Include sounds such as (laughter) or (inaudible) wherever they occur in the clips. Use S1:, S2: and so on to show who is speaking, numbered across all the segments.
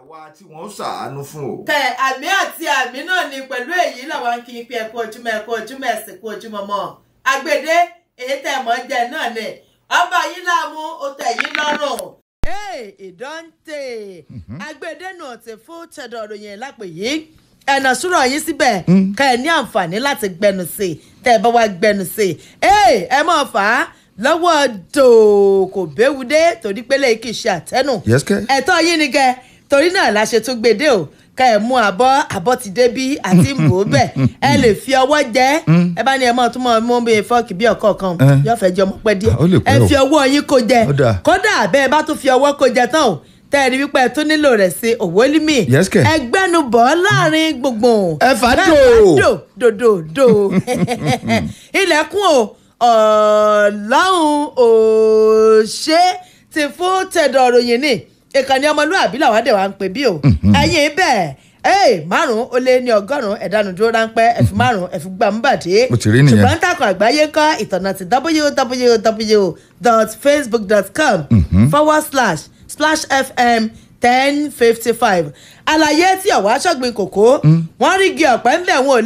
S1: àwa tí wọ́n
S2: ṣàánú fún o.
S1: tẹ àmì àti àmì náà ni pẹ̀lú èyí làwọn ń kí n pé ẹ kú ojúmọ́ ẹ kú kú ojúmọ́ mọ́ àgbèdè èyí tẹ̀ mọ́ jẹ náà ni ọba yìí láàmú ó tẹ̀ yín lọ́rùn. ee ìdọ́ǹtè àgbèdè náà ti fún tẹ̀dọ̀ ròyìn lápè yìí ẹ̀nà súrọ̀ yín síbẹ̀ hmm. kẹ́ ẹ ní àǹfààní láti gbẹnu sí i tẹ́ ẹ bá wá gbẹnu sí i ee ẹ máa fà á lọ́wọ́ dòó béwu dé torí pé lè kì í ṣe àtẹnu ẹ̀tọ́ yín ni kẹ́ torí náà la ṣe tún gbé dé o ká ẹ mú abọ́ abọ́ ti dé bí àti mò ń bẹ̀ ẹ lè fi ọwọ́ jẹ mm. ẹ bá ní ẹ mọ̀ tún mọ̀ mú mi fọ́ọ̀kì bí ọ̀kọ̀ kan eh. yóò fẹ́ jẹ ọmọ pẹ́ díẹ̀ ah, ẹ fi ọwọ́ yín kó jẹ kódà bẹ́ẹ̀ bá tún fi ọwọ́ kó jẹ tán o tẹ́ ẹ rí wípé ẹ tó nílò rẹ̀ sí òwòlímì ẹgbẹ́nubọ̀ láàrin gbùngbùn ẹ fà dò dòdòdò (laughs) ilẹ̀kùn o ọ̀ọ́lọ́hún òṣè ti fún tẹ̀dọ̀ ròyìn ni. ìkànnì ọmọlúàbí làwọn àdéhùn à ń pè bí o mhm. ẹyin bẹẹ. ee márùn ó lé ní ọgọ́rùn ẹ̀dánù dúró ráńpẹ́ ẹ̀fí márùn ẹ̀fí gbà ń bàdé ṣùgbọ́n takùn àgbáyé kọ́ ìtọ̀nà ti www.facebook.com mhm. forward fm ten fifty five àlàyé tí ọ̀wá ṣọ́gbìn kòkó mm. wọ́n rí igi ńlẹ̀ wọn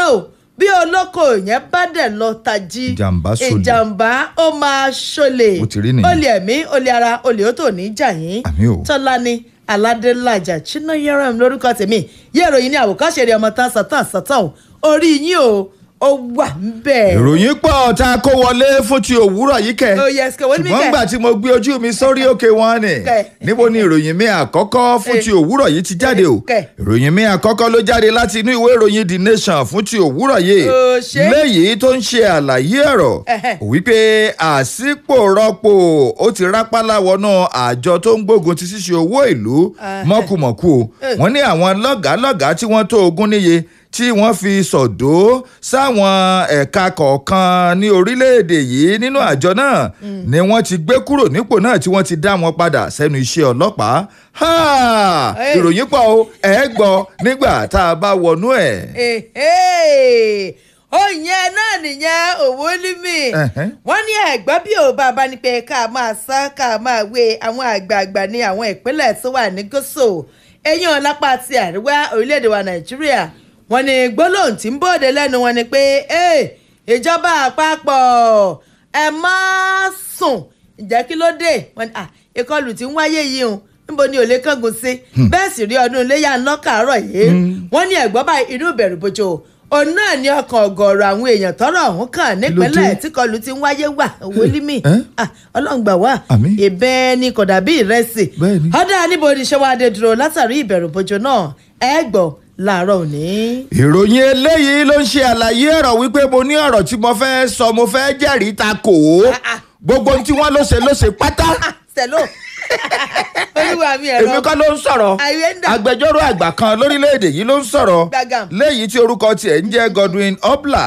S1: ò lè bí olóko yẹn bá dẹ̀ lọ tají ìjàmbá ó máa ṣọlẹ̀ olè ẹ̀mí olè ara olè ó tò ní jà yín tọ́lá ni aládélájà chinoyeram lórúkọ tèmi yẹ́ ìròyìn ní àwòkọ́ṣe rẹ̀ ọmọ tán sátán sátán orí yín o ó wà nbẹ. ìròyìn
S2: pọ̀ tá a kó wọlé fún ti òwúrọ̀ yìí kẹ́. oh yes kẹ́ wọ́n mi kẹ́. ṣùgbọ́n gbà tí mo gbé ojú mi sórí òkè wọn ni. níbo ni ìròyìn mi àkọ́kọ́ fún ti òwúrọ̀ yìí ti jáde o. ìròyìn mi àkọ́kọ́ ló jáde láti inú ìwé ìròyìn the nation fún ti òwúrọ̀ yìí. Oh, léyìí tó ń ṣe àlàyé ọ̀rọ̀ wípé àsìkò rọ́pò ó ti rápálá wọnú àjọ tó ń gbógun ti ṣíṣe owó ìlú mọ́kùmọ́kù wọ́n tí wọ́n fi sọ̀dọ̀ sáwọn ẹ̀ka kọ̀ọ̀kan ní orílẹ̀-èdè yìí nínú àjọ náà mm. ni wọ́n ti gbé kúrò nípò náà tí wọ́n ti dá wọn padà sẹ́nu iṣẹ́ ọlọ́pàá ìròyìn pọ̀ o ẹ̀ gbọ́ nígbà tá a bá wọnú ẹ̀.
S1: ó yẹn náà nìyẹn òwò límì wọ́n ní ẹ̀gbọ́n bí òun bàbá ni pé ká máa sán ká máa wé àwọn àgbààgbà ní àwọn ìpínlẹ̀ tó wà ní gúúsù ẹ̀yìn ọ̀lápá ti àríwá orílẹ̀-èdè wa nàìjíríà wọ́n ní gbólóhùn tí ń bòde lẹ́nu wọn ni pé ìjọba àpapọ̀ ẹ má sùn ǹjẹ́ kí ló dé ìkọlù tí ń wáyé yìí o níbo ni òlé kángun sí hmm. bẹ́ẹ̀ sì rí ọdún iléyà ńlọ kàárọ̀ yìí hmm. wọ́n ní ẹ̀gbọ́n bá inú ìbẹ̀rù bójú òun náà ní ọkàn ọ̀gọ̀ọ̀rọ̀ àwọn èèyàn tọ́rọ̀ ọ̀hún kàn nípínlẹ̀ tí kọlù ti ń wáyé wà wọlímì ọlọ́ngbà wà ìbẹ́ ni kò dàbí ìrẹsì ọ̀dà níbo ni ṣé wàá dé dúró látàrí ìbẹ̀rù bójú náà ẹ gbọ́ láàárọ̀ òní.
S2: ìròyìn eléyìí ló ń ṣe àlàyé ọ̀rọ̀ wípé mo ní ọ̀rọ̀ tí mo fẹ́ sọ mo fẹ́ jẹ́rìí ta kò ó ah, ah. gbogbo ohun tí wọ́n ló ṣe pátá. Ah,
S1: olúwa mi ẹ̀rọ èmi kọ́ ló ń sọ̀rọ̀ agbẹjọ́rò
S2: àgbà kan lórílẹ̀‐èdè yìí ló ń sọ̀rọ̀ léyìí tí orúkọ tiẹ̀ ń jẹ́ Godwin Obla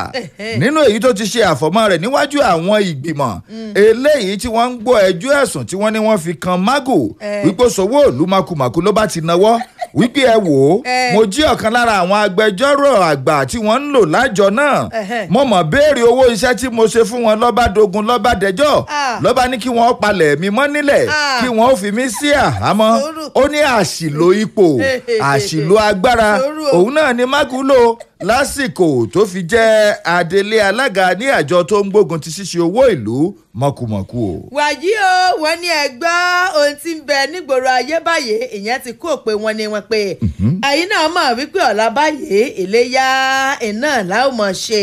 S2: nínú èyí tó ti ṣe àfọ̀mọ́ rẹ̀ níwájú àwọn ìgbìmọ̀ hmm. eléyìí tí wọ́n ń gbọ́ ẹjọ́ ẹ̀sùn tí wọ́n ní wọ́n fi kan Magu wípé Sanwó-Olú makumaku ló bá ti nawọ́ wípé ẹ wò ó mo jí ọ̀kan lára àwọn agbẹjọ́rò àgbà tí wọ́n ń lò lájọ náà mo mi ah. mọ́ nílẹ̀ ah. kí wọ́n ó fi mí sí àhámọ́ ó ní àṣìlò ipò (laughs) àṣìlò agbára òun náà ni Magu lò lásìkò tó fi jẹ́ adelé alága ní àjọ tó ń gbógun ti ṣíṣe owó ìlú mọ̀kùmọ̀kù o.
S1: wàyí o wọ́n ní ẹ ohun tí ń bẹ nígboro ayé báyìí ìyẹn ti kó pé wọ́n ní wọ́n pé ẹ̀yin náà mọ̀ wípé ọ̀la báyìí ìléyà iná làwọn mọ̀ ṣe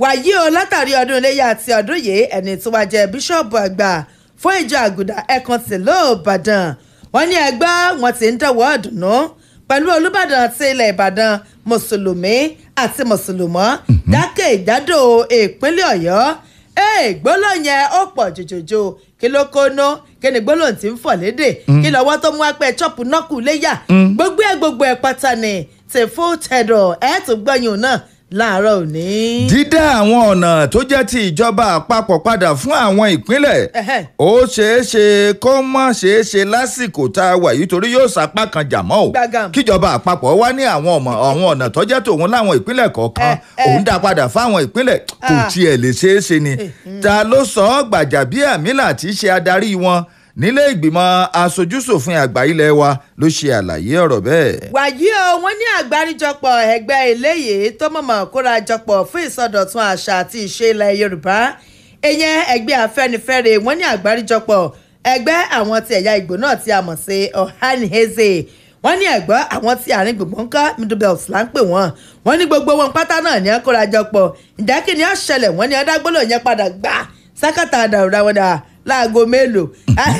S1: wàyí o látàrí ọdún iléyà àti ọdún yìí ẹni tó wá jẹ bíṣọ̀bù àgbà fún ìjọ àgùdà ẹ̀kan tìlú ìbàdàn wọ́n ní ẹgbẹ́ wọn ti ń dọ̀wọ́ ọ̀dùnnú pẹ̀lú olùbàdàn ti ilẹ̀ ìbàdàn mùsùlùmí àti mùsùlùmọ́ mhm. dákẹ́ ìdádò ìpínlẹ̀ ọ̀yọ́ ee gbólóhùn yẹn ó pọ̀ jòjòjò kí ló kóná kí ni gbólóhùn tí ń fọ̀ lédè mm. kí lọ́wọ́ tó mú apẹ́ chọ́ọ̀pù náà kù léyà mm. gbogbo ẹ̀ gbogbo ẹ̀ pátá ni tèfó tẹ̀dọ̀ ẹ̀ tó gbọ́yìn náà láàárọ̀ òní.
S2: dídá àwọn ọ̀nà tó jẹ́ ti ìjọba àpapọ̀ padà fún àwọn ìpínlẹ̀ ó ṣeé ṣe kó má ṣeé ṣe lásìkò tá a wà yìí torí yóò sapá kan jà mọ́ o kíjọba àpapọ̀ wá ní àwọn ọmọ àwọn ọ̀nà tó jẹ́ tòun láwọn ìpínlẹ̀ kọ̀ọ̀kan òun dá padà fáwọn ìpínlẹ̀ kò ah. tiẹ̀ lè ṣeé ṣe ni ta ló sọ ọ́ gbàjàbíàmílà tí í ṣe adarí wọn nílé ìgbìmọ̀ aṣojúṣòfin àgbà ilé wa ló ṣe àlàyé ọ̀rọ̀ bẹ́ẹ̀.
S1: wàyí o wọ́n ní àgbáríjọpọ̀ ẹgbẹ́ eléyìí tó mọ̀mọ́ kóra jọpọ̀ fún ìsọdọ̀tun àṣà àti ìṣe ilẹ̀ yorùbá ìyẹn ẹgbẹ́ afẹ́nifẹ́re wọ́n ní àgbáríjọpọ̀ ẹgbẹ́ àwọn ti ẹ̀yà ìgbò náà tí a mọ̀ sí Ohanaeze wọ́n ní ẹ̀gbọ́ àwọn tí àárín gbùngbùn ń ká middle belt là ń pè wọ́n wọ́n ní gbogbo wọn pátá náà ní kórajọpọ̀ ìdákìní ọ̀ṣẹlẹ̀ wọ́n ní adágbọ́lọ̀ yẹn padà gbà sákàtà àdàrúdà láago mélòó mm. ah,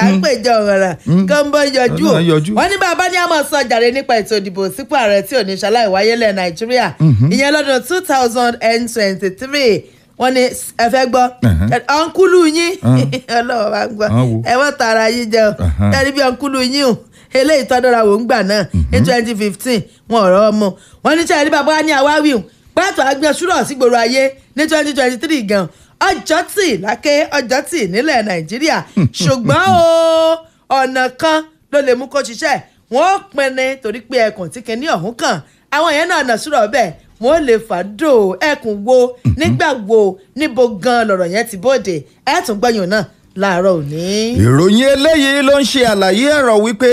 S1: à ń mm. péjọ ọ̀ràn mm. kọ́ńbọ́n yọjú o wọ́n ní bàbá ní àmọ́ sọ jàre nípa ètò ìdìbò sípò ààrẹ tí ò ní ṣaláì wáyé lẹ̀ nàìjíríà mm-hmm. ìyẹn lọ́dún two thousand and twenty three wọ́n ní ẹ fẹ́ gbọ́ uh-huh. ọ̀nkúlù yín uh-huh. (laughs) ọlọ́wọ́ bá ń gbọ́ uh-huh, ẹ wọ́n tara yín jẹ o ẹni bí ọ̀nkúlù yín o eléyìí tọ́dọ̀ra wò ń gbà náà ní mm-hmm. twenty fifteen wọn ọ̀rọ̀ ọmọ wọn ní sẹ́yìn ní bàbá ní àwáwí o pàtó àgbẹ̀sùrọ̀ sígboro ayé ní twenty twenty three gan-an ọjọ́ tì lákè ọjọ́ tì nílẹ̀ nàìjíríà hmm. ṣùgbọ́n hmm. o ọ̀nà kan ló lè mú kó ṣiṣẹ́ wọn ò pinni torí pé ẹkùn tí kinní ọ̀hún kàn àwọn yẹn náà nà sùrọ̀ bẹ́ẹ̀ wọn ò lè fàdó ẹkùn wo hmm. nígbà wo níbo gan lọ̀rọ̀ yẹn ti bóde ẹ̀ tún gbẹ̀yìn náà láàárọ̀ òní.
S2: ìròyìn eléyìí ló ń ṣe àlàyé ẹ̀rọ wípé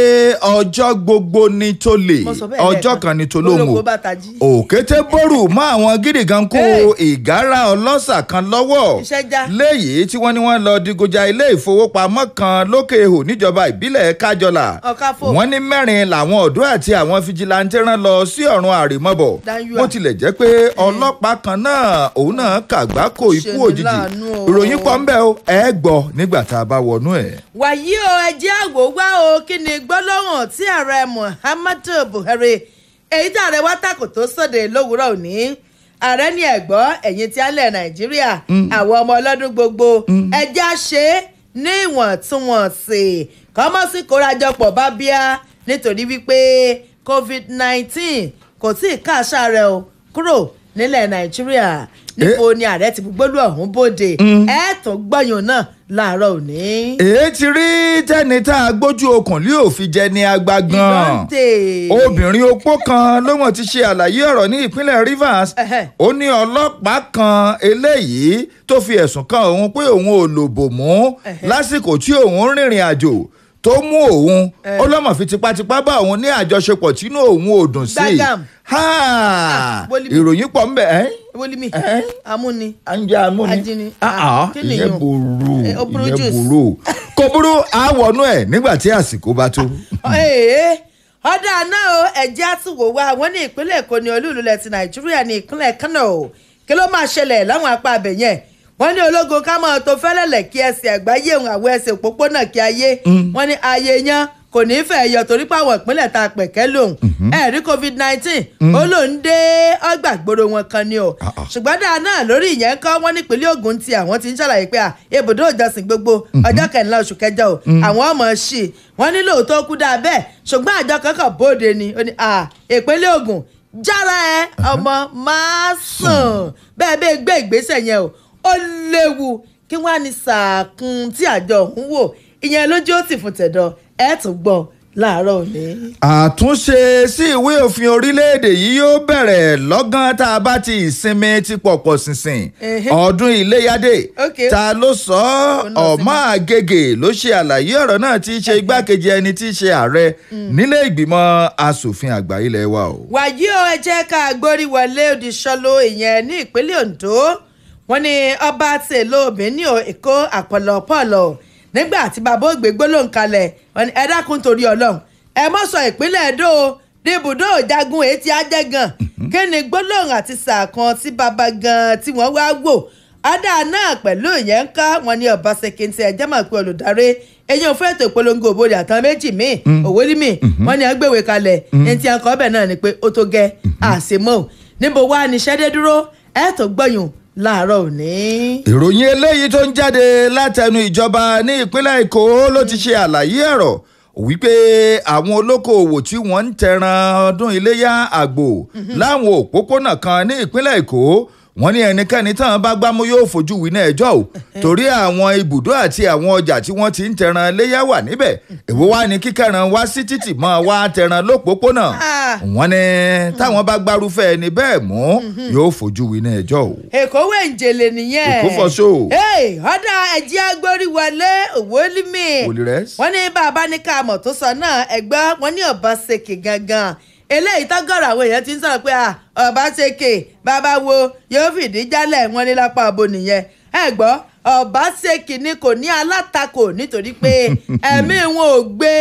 S2: ọjọ́ gbogbo ni tó lè ọjọ́ kan ni tó lóhùn òkété bórù mọ́ àwọn gidi kan kó ìgárá ọlọ́ṣà kan lọ́wọ́ léyìí tí wọ́n ní wọ́n lọ digunja ilé ìfowópamọ́ kan lókè èhò níjọba ìbílẹ̀ kájọlà wọ́n ní mẹ́rin làwọn ọ̀dọ́ àti àwọn fijilantẹ́ rán lọ sí ọ̀run àrèmọ́bọ̀ bó tilẹ̀ jẹ́ pé ọlọ́pàá kan náà òun náà kàgbákò ikú òjijì nígbà tá a bá wọnú ẹ̀.
S1: wàyí o ẹjẹ́ àwò wá o kí ni gbólóhùn tí ààrẹ muhammadu buhari èyí tí ààrẹ wa tako tó sóde lówùúrọ̀ òní ààrẹ ní ẹ̀gbọ́ ẹ̀yìn tí alẹ́ nàìjíríà mm. àwọn ọmọ ọlọ́dún gbogbo mm. ẹjẹ́ àṣẹ ní ìwọ̀ntúnwọ̀nsì kọ́mọ́sí kórajọpọ̀ bá bíá nítorí wípé covid nineteen kò tí ì káàṣà rẹ̀ o kúrò nílẹ̀ nàìjíríà Eh? níbo ni ààrẹ ti gbólú ọ̀hún bóde mm. ẹ gbọ́yàn náà láàárọ̀ òní.
S2: èyí ti rí tẹ́ni tá a gbójú okùn lé òfin jẹ ní agba gan-an obìnrin opó kan ló wọ́n ti ṣe àlàyé ọ̀rọ̀ ní ìpínlẹ̀ Rivers ó ní ọlọ́pàá kan eléyìí tó fi ẹ̀sùn kan òun pé òun ò lòbò mú lásìkò tí òun rìnrìn àjò tó mú òun eh. ó lọ́mọ̀ fi tipátipá bá òun ní àjọṣepọ̀ tínú òun ò dùn sí ah, i ìròyìn pọ̀ ń bẹ̀ ẹ́
S1: wọ́límì eh, eh. amúni anja amúni ajini ah, ah, ah, ìyẹn burú eh, ìyẹn burú
S2: kò burú àwọnú ẹ nígbà tí àsìkò bá tó.
S1: (laughs) ọ̀dà náà o ẹ̀jẹ̀ àtúwò wa àwọn ní ìpínlẹ̀ èkó ní olú ìlú ilẹ̀ ti nàìjíríà ní ìpínlẹ̀ kánò kí ló máa ṣẹlẹ̀ láwọn apá abẹ yẹn wọ́n ní ológun ká máa tó fẹ́lẹ̀lẹ̀ kí ẹsẹ̀ àgbáyé òun àwọn ẹsẹ̀ òpópónà kí ayé mm. wọ́n ní ayé yẹn kò ní fẹ́ yọ torí pàwọ̀ ìpínlẹ̀ ta pẹ̀kẹ́ lòun mhm. ẹ̀rí covid nineteen mhm. ó lòun dé ọgbà gbòòrò wọn kan ni o ah, ah. ṣùgbọ́n dáa náà lórí ìyẹn kọ́ wọ́n nípínlẹ̀ Ògùn ti àwọn ti ń ṣàlàyé pé ibùdó ìjọsìn gbogbo mhm. ọjọ́ kẹrìnlá oṣù kẹjọ o àwọn ọmọ ṣì wọ́n nílò tó kú dáa bẹ́ẹ̀ ṣùgbọ́n àjọ kankan bóde ni ìpínlẹ̀ Ògùn jára ẹ ọmọ máa sùn hmm. bẹ́ẹ̀ bẹ́ẹ̀ gbé ìgbésẹ̀ yẹn o ó léwu kí wọ́n á ní sàkún tí àjọ òun wò ìyẹn lójú ó sì fún tẹ̀dọ̀ ẹ tún gbọ́ láàárọ̀ òní.
S2: àtúnṣe sí ìwé òfin orílẹ̀-èdè yìí yóò bẹ̀rẹ̀ lọ́gán tá a bá ti ìsinmi ti pọ̀pọ̀ ṣìnṣìn ọdún iléyàdé ta ló sọ ọ́ ọ̀mọ́ àgègè ló ṣe àlàyé ọ̀rọ̀ náà tí í ṣe igbákejì ẹni tí í ṣe ààrẹ mm. nílé ìgbìmọ̀ asòfin àgbà ilé wa o.
S1: wàyí o ẹ jẹ́ ká gbórí wọlé Odìṣọ́lù ìyẹn ní ìpínlẹ̀ Ondo wọ́n ní ọba tèlóbìnrin ní Èkó àpọ̀lọpọ̀lọ̀ nígbà tí bàbá ògbé gbólóhùn kalẹ̀ ẹ dákun torí ọlọ́run ẹ mọ̀ sọ ìpínlẹ̀ èdò níbùdó ìjagun ètí ajẹ́gàn mhm. kí ni gbólóhùn àti sàkàn tí bàbá gan tí wọ́n wá wò ádá náà pẹ̀lú ìyẹn ń ká wọn ní ọ̀básẹ́kì tí ẹ jẹ́ mọ̀ olùdarí eyín òfin ètò ìpolongo òbòdì àtàn méjì míì mhm. òwe mhm. ní míì wọn ni agbèwé kalẹ̀ ẹni tí a kọ́ náà ni pé ó tó gẹ́ àṣemọ́ níbo wá ni ṣẹ́dẹ́ dúró ẹ̀ tó gbọ́yùn láàárọ̀ òní.
S2: ìròyìn eléyìí tó ń jáde látẹnu ìjọba ní ìpínlẹ̀ èkó ló ti ṣe àlàyé ọ̀rọ̀ wípé àwọn olókoòwò tí wọ́n ń tẹran ọdún iléyà àgbò mhm. láwọn òpópónà kan ní ìpínlẹ̀ èkó wọ́n ní ẹnikẹ́ni táwọn bá gbámú yóò fojú wí náà ẹjọ́ o eh. torí àwọn ibùdó àti àwọn ọjà tí wọ́n ti ń tẹran léyà wà níbẹ̀ èwo wá ní kíkẹ́ran wá sí títì mọ́ wá tẹran lópòópónà ah. wọ́n ní táwọn bá hmm. gbárùfẹ́ ẹni bẹ́ẹ̀ mú hmm. yóò fojú wí náà ẹjọ́ o.
S1: èkó wẹ̀ ń jèlè nìyẹn èkó fọṣọ. ọ̀dà ẹ̀jẹ̀ agbórí wọlé òwò límì wọ́n ní bàbá ní ká mọ̀ tó sọ náà ẹgbẹ́ eléyìí tọ́gọ̀rọ̀ àwọn èèyàn ti ń sọ̀rọ̀ pé ah, ọbaṣẹ́kè bàbá wo yóò fìdí jálẹ̀ wọn ní lápá abo nìyẹn ẹ gbọ́ ọbaṣẹ́kì ni kò ní alátakò nítorí pé (laughs) ẹ̀mí wọn ò gbé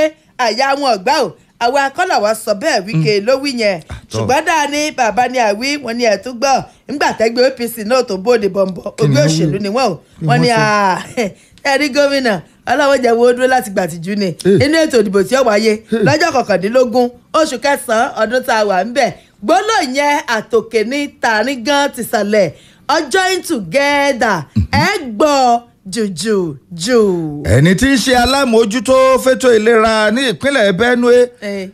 S1: àyà wọn ọ̀gbá ò àwọn akọ́làwà sọ bẹ́ẹ̀ wíkẹ́ hmm. lówí yẹn ah, ṣùgbọ́n dáa ní bàbá ni àwí wọn ni ẹ̀tún gbọ́ nígbà tẹ́gbẹ́ APC náà tó bóde bọ̀m̀bọ̀ ogún òṣèlú ni wọ́n o wọ́n ni ah, (laughs) ẹ̀rí gómìnà ọlọ́wọ́ jẹ́ wọ́n dúró láti gbàtìjú ni eh. inú ètò ìdìbò tí ó wáyé eh. lọ́jọ́ kọkàndínlógún oṣù kẹsàn-án ọdún tá a wà ń bẹ̀ gbólóò yẹn àtòkè ní tààrin gan tìsàlẹ̀ ọjọ́ in together mm-hmm. ẹ gbọ́ jòjò jò.
S2: ẹni tí í ṣe alámòójútó fétò ìlera ní ìpínlẹ̀ Benue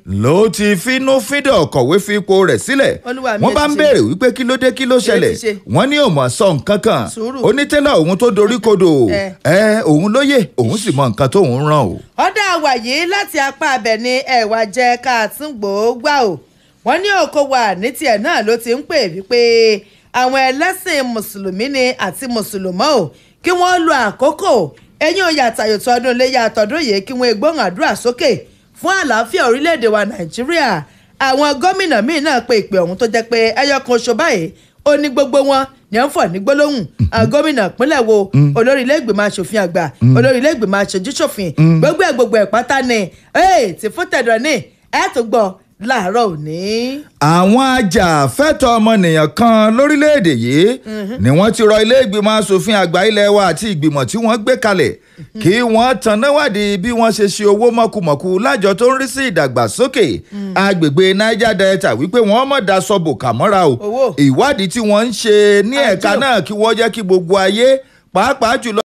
S2: ló ti finú fídọ̀ kọ̀wé fi ipò rẹ̀ sílẹ̀ wọ́n bá ń béèrè wípé kí ló dé kí ló ṣẹlẹ̀ wọ́n ní òmò sọ nǹkan kan onítẹ́lẹ̀ òun tó dorí kodò ẹ òun lóye òun sì mọ nǹkan tóun ràn o.
S1: ọ̀dà àwàyé láti apá abẹ ni ẹ̀wà jẹ ká tún gbòógbà o wọ́n ní òkòwò àní tiẹ̀ náà ló ti ń pè wípé àwọn ẹlẹ́sìn mùsùlùmí ni àti mùsùlùmọ́ o kí wọ́n lo àkókò ẹ̀yìn oyè àtàyòtò ọdún iléyà àtọ̀dún yìí kí wọ́n gbóhùn àdúrà sókè fún àlàáfíà orílẹ̀-èdè wa nàìjíríà àwọn gómìnà míì náà pe ìpè ọ̀hún tó jẹ́ pé ẹyọkan oṣù báyìí ó ní gbogbo wọn ní à ń fọ̀ ní gbólóhùn mm-hmm. gómìnà ìpínlẹ̀ wo mm-hmm. olórí ilé-ìgbìmọ̀ asòfin àgbà mm-hmm. olórí ilé-ìgbìmọ̀ aṣojúṣòfin gbogbo ẹ̀ gbogbo ẹ̀ pátá ni tí fún tẹ̀dọ̀ ní ẹ̀ tó gbọ́ láàárọ̀ òní.
S2: àwọn ajàfẹ́tọ̀ọ́ ọmọnìyàn kan lórílẹ̀‐èdè yìí mhm. ni wọ́n ti rọ ilé ìgbìmọ̀ asòfin àgbà ilé wa àti ìgbìmọ̀ tí wọ́n gbé kalẹ̀ mhm. kí wọ́n tanáwádìí bí wọ́n ṣe ṣe owó mọ̀kùmọ̀kù lájọ tó ń rí sí ìdàgbàsókè mhm. agbègbè niger delta wípé wọ́n mọ̀ daṣọ bòkà mọ́ra o ìwádìí tí wọ́n ń ṣe ní ẹ̀ka náà kí wọ́n jẹ́ kí gbogbo ayé pàápàá jùlọ